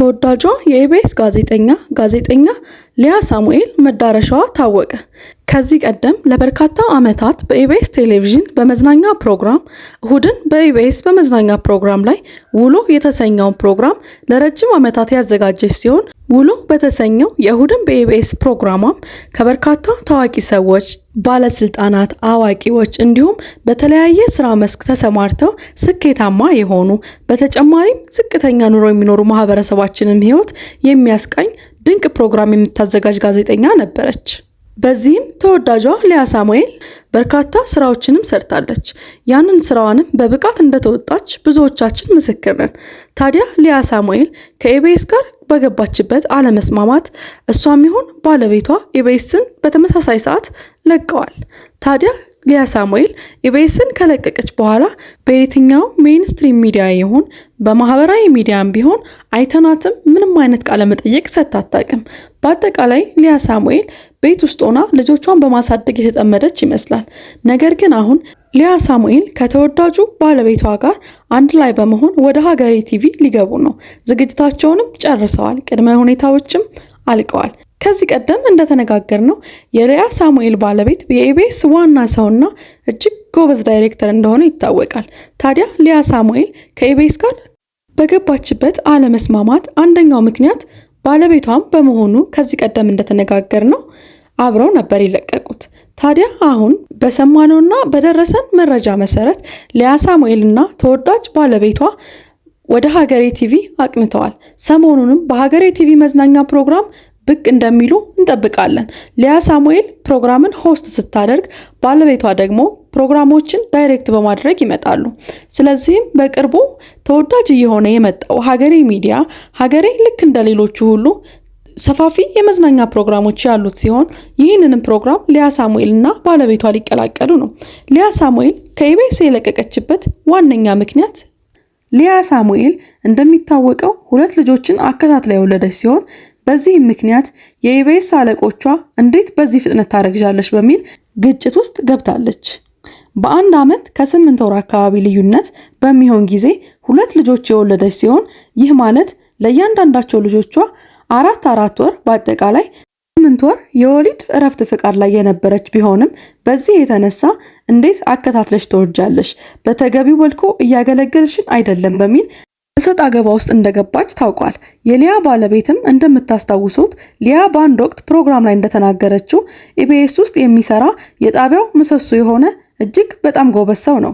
ተወዳጇ የኢቢኤስ ጋዜጠኛ ጋዜጠኛ ሊያ ሳሙኤል መዳረሻዋ ታወቀ። ከዚህ ቀደም ለበርካታ ዓመታት በኢቢኤስ ቴሌቪዥን በመዝናኛ ፕሮግራም እሁድን በኢቢኤስ በመዝናኛ ፕሮግራም ላይ ውሎ የተሰኘውን ፕሮግራም ለረጅም ዓመታት ያዘጋጀች ሲሆን ውሎ በተሰኘው የእሁድን በኢቢኤስ ፕሮግራሟም ከበርካታ ታዋቂ ሰዎች፣ ባለስልጣናት፣ አዋቂዎች እንዲሁም በተለያየ ስራ መስክ ተሰማርተው ስኬታማ የሆኑ በተጨማሪም ዝቅተኛ ኑሮ የሚኖሩ ማህበረሰባችንም ህይወት የሚያስቃኝ ድንቅ ፕሮግራም የምታዘጋጅ ጋዜጠኛ ነበረች። በዚህም ተወዳጇ ሊያ ሳሙኤል በርካታ ስራዎችንም ሰርታለች። ያንን ስራዋንም በብቃት እንደተወጣች ብዙዎቻችን ምስክር ነን። ታዲያ ሊያ ሳሙኤል ከኤቤስ ጋር በገባችበት አለመስማማት እሷም ይሁን ባለቤቷ ኤቤስን በተመሳሳይ ሰዓት ለቀዋል። ታዲያ ሊያ ሳሙኤል ኢቢኤስን ከለቀቀች በኋላ በየትኛው ሜንስትሪም ሚዲያ ይሁን በማህበራዊ ሚዲያም ቢሆን አይተናትም። ምንም አይነት ቃለ መጠየቅ ሰታታቅም። በአጠቃላይ ሊያ ሳሙኤል ቤት ውስጥ ሆና ልጆቿን በማሳደግ የተጠመደች ይመስላል። ነገር ግን አሁን ሊያ ሳሙኤል ከተወዳጁ ባለቤቷ ጋር አንድ ላይ በመሆን ወደ ሀገሬ ቲቪ ሊገቡ ነው። ዝግጅታቸውንም ጨርሰዋል። ቅድመ ሁኔታዎችም አልቀዋል። ከዚህ ቀደም እንደተነጋገርነው የሪያ ሳሙኤል ባለቤት የኢቢኤስ ዋና ሰውና እጅግ ጎበዝ ዳይሬክተር እንደሆነ ይታወቃል። ታዲያ ሊያ ሳሙኤል ከኢቢኤስ ጋር በገባችበት አለመስማማት አንደኛው ምክንያት ባለቤቷም በመሆኑ ከዚህ ቀደም እንደተነጋገርነው አብረው ነበር የለቀቁት። ታዲያ አሁን በሰማነውና በደረሰን መረጃ መሰረት ሊያ ሳሙኤልና ተወዳጅ ባለቤቷ ወደ ሀገሬ ቲቪ አቅንተዋል። ሰሞኑንም በሀገሬ ቲቪ መዝናኛ ፕሮግራም ብቅ እንደሚሉ እንጠብቃለን። ሊያ ሳሙኤል ፕሮግራምን ሆስት ስታደርግ፣ ባለቤቷ ደግሞ ፕሮግራሞችን ዳይሬክት በማድረግ ይመጣሉ። ስለዚህም በቅርቡ ተወዳጅ እየሆነ የመጣው ሀገሬ ሚዲያ ሀገሬ ልክ እንደ ሌሎቹ ሁሉ ሰፋፊ የመዝናኛ ፕሮግራሞች ያሉት ሲሆን ይህንንም ፕሮግራም ሊያ ሳሙኤል እና ባለቤቷ ሊቀላቀሉ ነው። ሊያ ሳሙኤል ከኢቤስ የለቀቀችበት ዋነኛ ምክንያት ሊያ ሳሙኤል እንደሚታወቀው ሁለት ልጆችን አከታትላ የወለደች ሲሆን በዚህም ምክንያት የኢቢኤስ አለቆቿ እንዴት በዚህ ፍጥነት ታረግዣለች በሚል ግጭት ውስጥ ገብታለች። በአንድ ዓመት ከስምንት ወር አካባቢ ልዩነት በሚሆን ጊዜ ሁለት ልጆች የወለደች ሲሆን ይህ ማለት ለእያንዳንዳቸው ልጆቿ አራት አራት ወር በአጠቃላይ ስምንት ወር የወሊድ እረፍት ፍቃድ ላይ የነበረች ቢሆንም በዚህ የተነሳ እንዴት አከታትለሽ ትወልጃለሽ፣ በተገቢው መልኩ እያገለገልሽን አይደለም በሚል እሰጥ አገባ ውስጥ እንደገባች ታውቋል። የሊያ ባለቤትም እንደምታስታውሱት ሊያ በአንድ ወቅት ፕሮግራም ላይ እንደተናገረችው ኢቢኤስ ውስጥ የሚሰራ የጣቢያው ምሰሶ የሆነ እጅግ በጣም ጎበዝ ሰው ነው።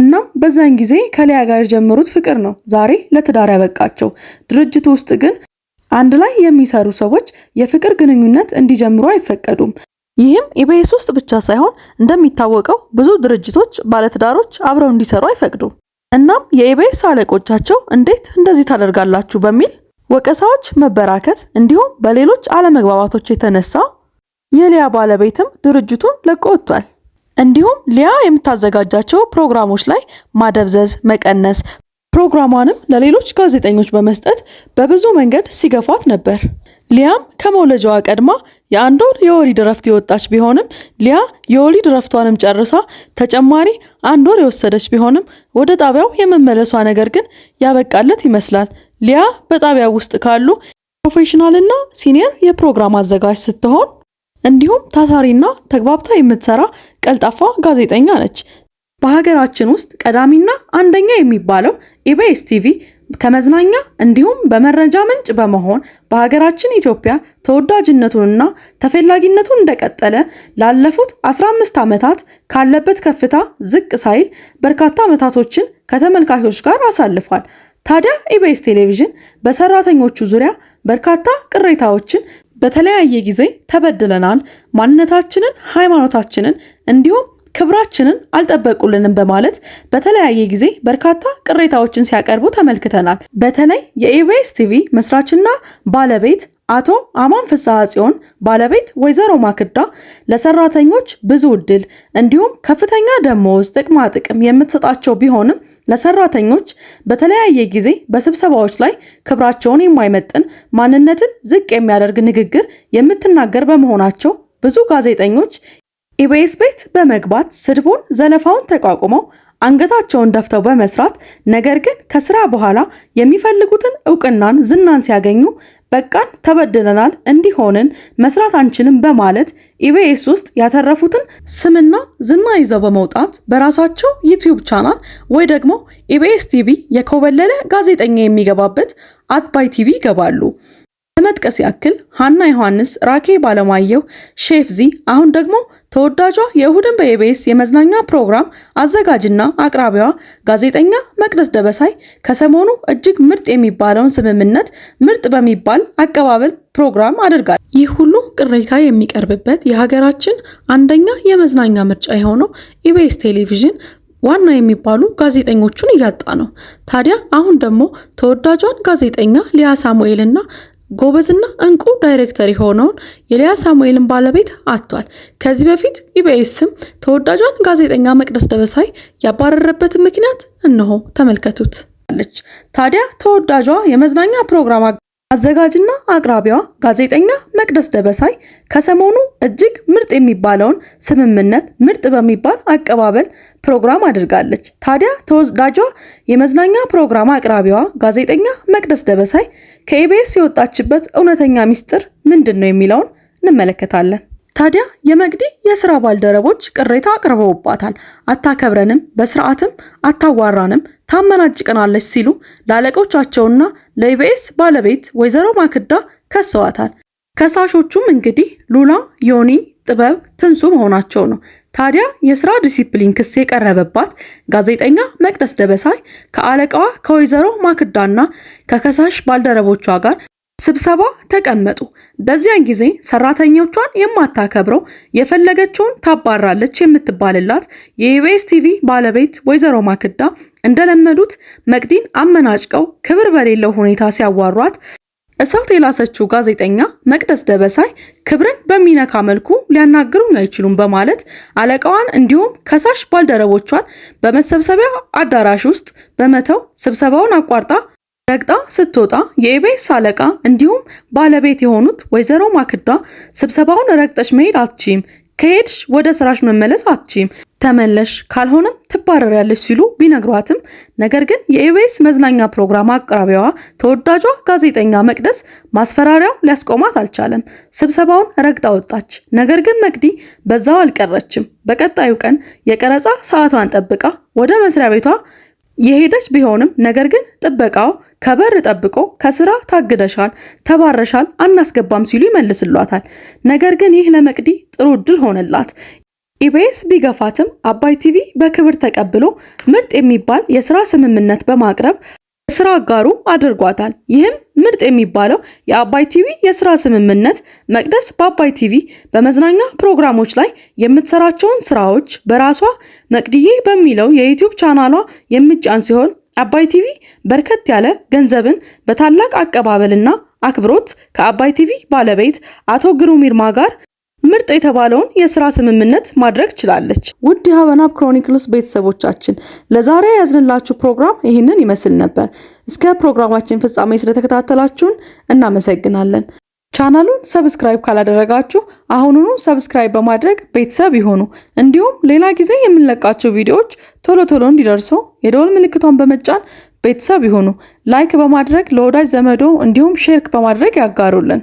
እናም በዛን ጊዜ ከሊያ ጋር የጀመሩት ፍቅር ነው ዛሬ ለትዳር ያበቃቸው። ድርጅቱ ውስጥ ግን አንድ ላይ የሚሰሩ ሰዎች የፍቅር ግንኙነት እንዲጀምሩ አይፈቀዱም። ይህም ኢቢኤስ ውስጥ ብቻ ሳይሆን እንደሚታወቀው ብዙ ድርጅቶች ባለትዳሮች አብረው እንዲሰሩ አይፈቅዱም። እናም የኢቢኤስ አለቆቻቸው እንዴት እንደዚህ ታደርጋላችሁ በሚል ወቀሳዎች መበራከት እንዲሁም በሌሎች አለመግባባቶች የተነሳ የሊያ ባለቤትም ድርጅቱን ለቆ ወጥቷል። እንዲሁም ሊያ የምታዘጋጃቸው ፕሮግራሞች ላይ ማደብዘዝ፣ መቀነስ፣ ፕሮግራሟንም ለሌሎች ጋዜጠኞች በመስጠት በብዙ መንገድ ሲገፏት ነበር። ሊያም ከመውለጃዋ ቀድማ የአንድ ወር የወሊድ የወጣች ቢሆንም ሊያ የወሊድ ረፍቷንም ጨርሳ ተጨማሪ አንድ ወር የወሰደች ቢሆንም ወደ ጣቢያው የመመለሷ ነገር ግን ያበቃለት ይመስላል። ሊያ በጣቢያው ውስጥ ካሉ ፕሮፌሽናልና ሲኒየር የፕሮግራም አዘጋጅ ስትሆን እንዲሁም ታታሪና ተግባብታ የምትሰራ ቀልጣፋ ጋዜጠኛ ነች። በሀገራችን ውስጥ ቀዳሚና አንደኛ የሚባለው ኢቢኤስ ቲቪ ከመዝናኛ እንዲሁም በመረጃ ምንጭ በመሆን በሀገራችን ኢትዮጵያ ተወዳጅነቱንና ተፈላጊነቱን እንደቀጠለ ላለፉት 15 ዓመታት ካለበት ከፍታ ዝቅ ሳይል በርካታ ዓመታቶችን ከተመልካቾች ጋር አሳልፏል። ታዲያ ኢቢኤስ ቴሌቪዥን በሰራተኞቹ ዙሪያ በርካታ ቅሬታዎችን በተለያየ ጊዜ ተበድለናል፣ ማንነታችንን፣ ሃይማኖታችንን እንዲሁም ክብራችንን አልጠበቁልንም በማለት በተለያየ ጊዜ በርካታ ቅሬታዎችን ሲያቀርቡ ተመልክተናል። በተለይ የኢቢኤስ ቲቪ መስራችና ባለቤት አቶ አማን ፍስሐ ጽዮን ባለቤት ወይዘሮ ማክዳ ለሰራተኞች ብዙ እድል እንዲሁም ከፍተኛ ደሞዝ፣ ጥቅማ ጥቅም የምትሰጣቸው ቢሆንም ለሰራተኞች በተለያየ ጊዜ በስብሰባዎች ላይ ክብራቸውን የማይመጥን ማንነትን ዝቅ የሚያደርግ ንግግር የምትናገር በመሆናቸው ብዙ ጋዜጠኞች ኢቢኤስ ቤት በመግባት ስድቡን፣ ዘለፋውን ተቋቁመው አንገታቸውን ደፍተው በመስራት ነገር ግን ከስራ በኋላ የሚፈልጉትን እውቅናን፣ ዝናን ሲያገኙ በቃን ተበድለናል፣ እንዲሆንን መስራት አንችልም በማለት ኢቢኤስ ውስጥ ያተረፉትን ስምና ዝና ይዘው በመውጣት በራሳቸው ዩቲዩብ ቻናል ወይ ደግሞ ኢቢኤስ ቲቪ የኮበለለ ጋዜጠኛ የሚገባበት አትባይ ቲቪ ይገባሉ። ለመጥቀስ ያክል ሀና ዮሐንስ፣ ራኬ አለማየሁ፣ ሼፍዚ አሁን ደግሞ ተወዳጇ የእሁድን በኢቢኤስ የመዝናኛ ፕሮግራም አዘጋጅና አቅራቢዋ ጋዜጠኛ መቅደስ ደበሳይ ከሰሞኑ እጅግ ምርጥ የሚባለውን ስምምነት ምርጥ በሚባል አቀባበል ፕሮግራም አድርጋል። ይህ ሁሉ ቅሬታ የሚቀርብበት የሀገራችን አንደኛ የመዝናኛ ምርጫ የሆነው ኢቢኤስ ቴሌቪዥን ዋና የሚባሉ ጋዜጠኞቹን እያጣ ነው። ታዲያ አሁን ደግሞ ተወዳጇን ጋዜጠኛ ሊያ ሳሙኤልና ጎበዝና እንቁ ዳይሬክተር የሆነውን የሊያ ሳሙኤልን ባለቤት አጥቷል። ከዚህ በፊት ኢቢኤስም ተወዳጇን ጋዜጠኛ መቅደስ ደበሳይ ያባረረበትን ምክንያት እነሆ ተመልከቱት። ታዲያ ተወዳጇ የመዝናኛ ፕሮግራም አዘጋጅና አቅራቢዋ ጋዜጠኛ መቅደስ ደበሳይ ከሰሞኑ እጅግ ምርጥ የሚባለውን ስምምነት ምርጥ በሚባል አቀባበል ፕሮግራም አድርጋለች። ታዲያ ተወዳጇ የመዝናኛ ፕሮግራም አቅራቢዋ ጋዜጠኛ መቅደስ ደበሳይ ከኢቢኤስ የወጣችበት እውነተኛ ሚስጥር ምንድን ነው የሚለውን እንመለከታለን። ታዲያ የመግዲ የስራ ባልደረቦች ቅሬታ አቅርበውባታል። አታከብረንም፣ በስርዓትም አታዋራንም፣ ታመናጭቀናለች ሲሉ ለአለቆቻቸውና ለኢቢኤስ ባለቤት ወይዘሮ ማክዳ ከሰዋታል። ከሳሾቹም እንግዲህ ሉላ፣ ዮኒ፣ ጥበብ፣ ትንሱ መሆናቸው ነው። ታዲያ የስራ ዲሲፕሊን ክስ የቀረበባት ጋዜጠኛ መቅደስ ደበሳይ ከአለቃዋ ከወይዘሮ ማክዳና ከከሳሽ ባልደረቦቿ ጋር ስብሰባ ተቀመጡ። በዚያን ጊዜ ሰራተኞቿን የማታከብረው የፈለገችውን ታባራለች የምትባልላት የኢቢኤስ ቲቪ ባለቤት ወይዘሮ ማክዳ እንደለመዱት መቅዲን አመናጭቀው ክብር በሌለው ሁኔታ ሲያዋሯት እሳት የላሰችው ጋዜጠኛ መቅደስ ደበሳይ ክብርን በሚነካ መልኩ ሊያናግሩኝ አይችሉም በማለት አለቃዋን እንዲሁም ከሳሽ ባልደረቦቿን በመሰብሰቢያ አዳራሽ ውስጥ በመተው ስብሰባውን አቋርጣ ረግጣ ስትወጣ የኢቢኤስ አለቃ እንዲሁም ባለቤት የሆኑት ወይዘሮ ማክዳ ስብሰባውን ረግጠሽ መሄድ አትችም፣ ከሄድሽ ወደ ስራሽ መመለስ አትችም፣ ተመለሽ ካልሆነም ትባረሪያለሽ ሲሉ ቢነግሯትም ነገር ግን የኢቢኤስ መዝናኛ ፕሮግራም አቅራቢዋ ተወዳጇ ጋዜጠኛ መቅደስ ማስፈራሪያው ሊያስቆማት አልቻለም። ስብሰባውን ረግጣ ወጣች። ነገር ግን መቅዲ በዛው አልቀረችም። በቀጣዩ ቀን የቀረጻ ሰዓቷን ጠብቃ ወደ መስሪያ ቤቷ የሄደች ቢሆንም ነገር ግን ጥበቃው ከበር ጠብቆ ከስራ ታግደሻል፣ ተባረሻል፣ አናስገባም ሲሉ ይመልስሏታል። ነገር ግን ይህ ለመቅዲ ጥሩ እድል ሆነላት። ኢቢኤስ ቢገፋትም አባይ ቲቪ በክብር ተቀብሎ ምርጥ የሚባል የስራ ስምምነት በማቅረብ ስራ አጋሩ አድርጓታል። ይህም ምርጥ የሚባለው የአባይ ቲቪ የስራ ስምምነት መቅደስ በአባይ ቲቪ በመዝናኛ ፕሮግራሞች ላይ የምትሰራቸውን ስራዎች በራሷ መቅድዬ በሚለው የዩቲዩብ ቻናሏ የምጫን ሲሆን አባይ ቲቪ በርከት ያለ ገንዘብን በታላቅ አቀባበልና አክብሮት ከአባይ ቲቪ ባለቤት አቶ ግሩም ይርማ ጋር ምርጥ የተባለውን የስራ ስምምነት ማድረግ ችላለች። ውድ የሀበናብ ክሮኒክልስ ቤተሰቦቻችን ለዛሬ ያዝንላችሁ ፕሮግራም ይህንን ይመስል ነበር። እስከ ፕሮግራማችን ፍጻሜ ስለተከታተላችሁን እናመሰግናለን። ቻናሉን ሰብስክራይብ ካላደረጋችሁ አሁኑኑ ሰብስክራይብ በማድረግ ቤተሰብ ይሆኑ። እንዲሁም ሌላ ጊዜ የምንለቃቸው ቪዲዮዎች ቶሎ ቶሎ እንዲደርሰው የደወል ምልክቷን በመጫን ቤተሰብ ይሆኑ። ላይክ በማድረግ ለወዳጅ ዘመዶ እንዲሁም ሼርክ በማድረግ ያጋሩልን።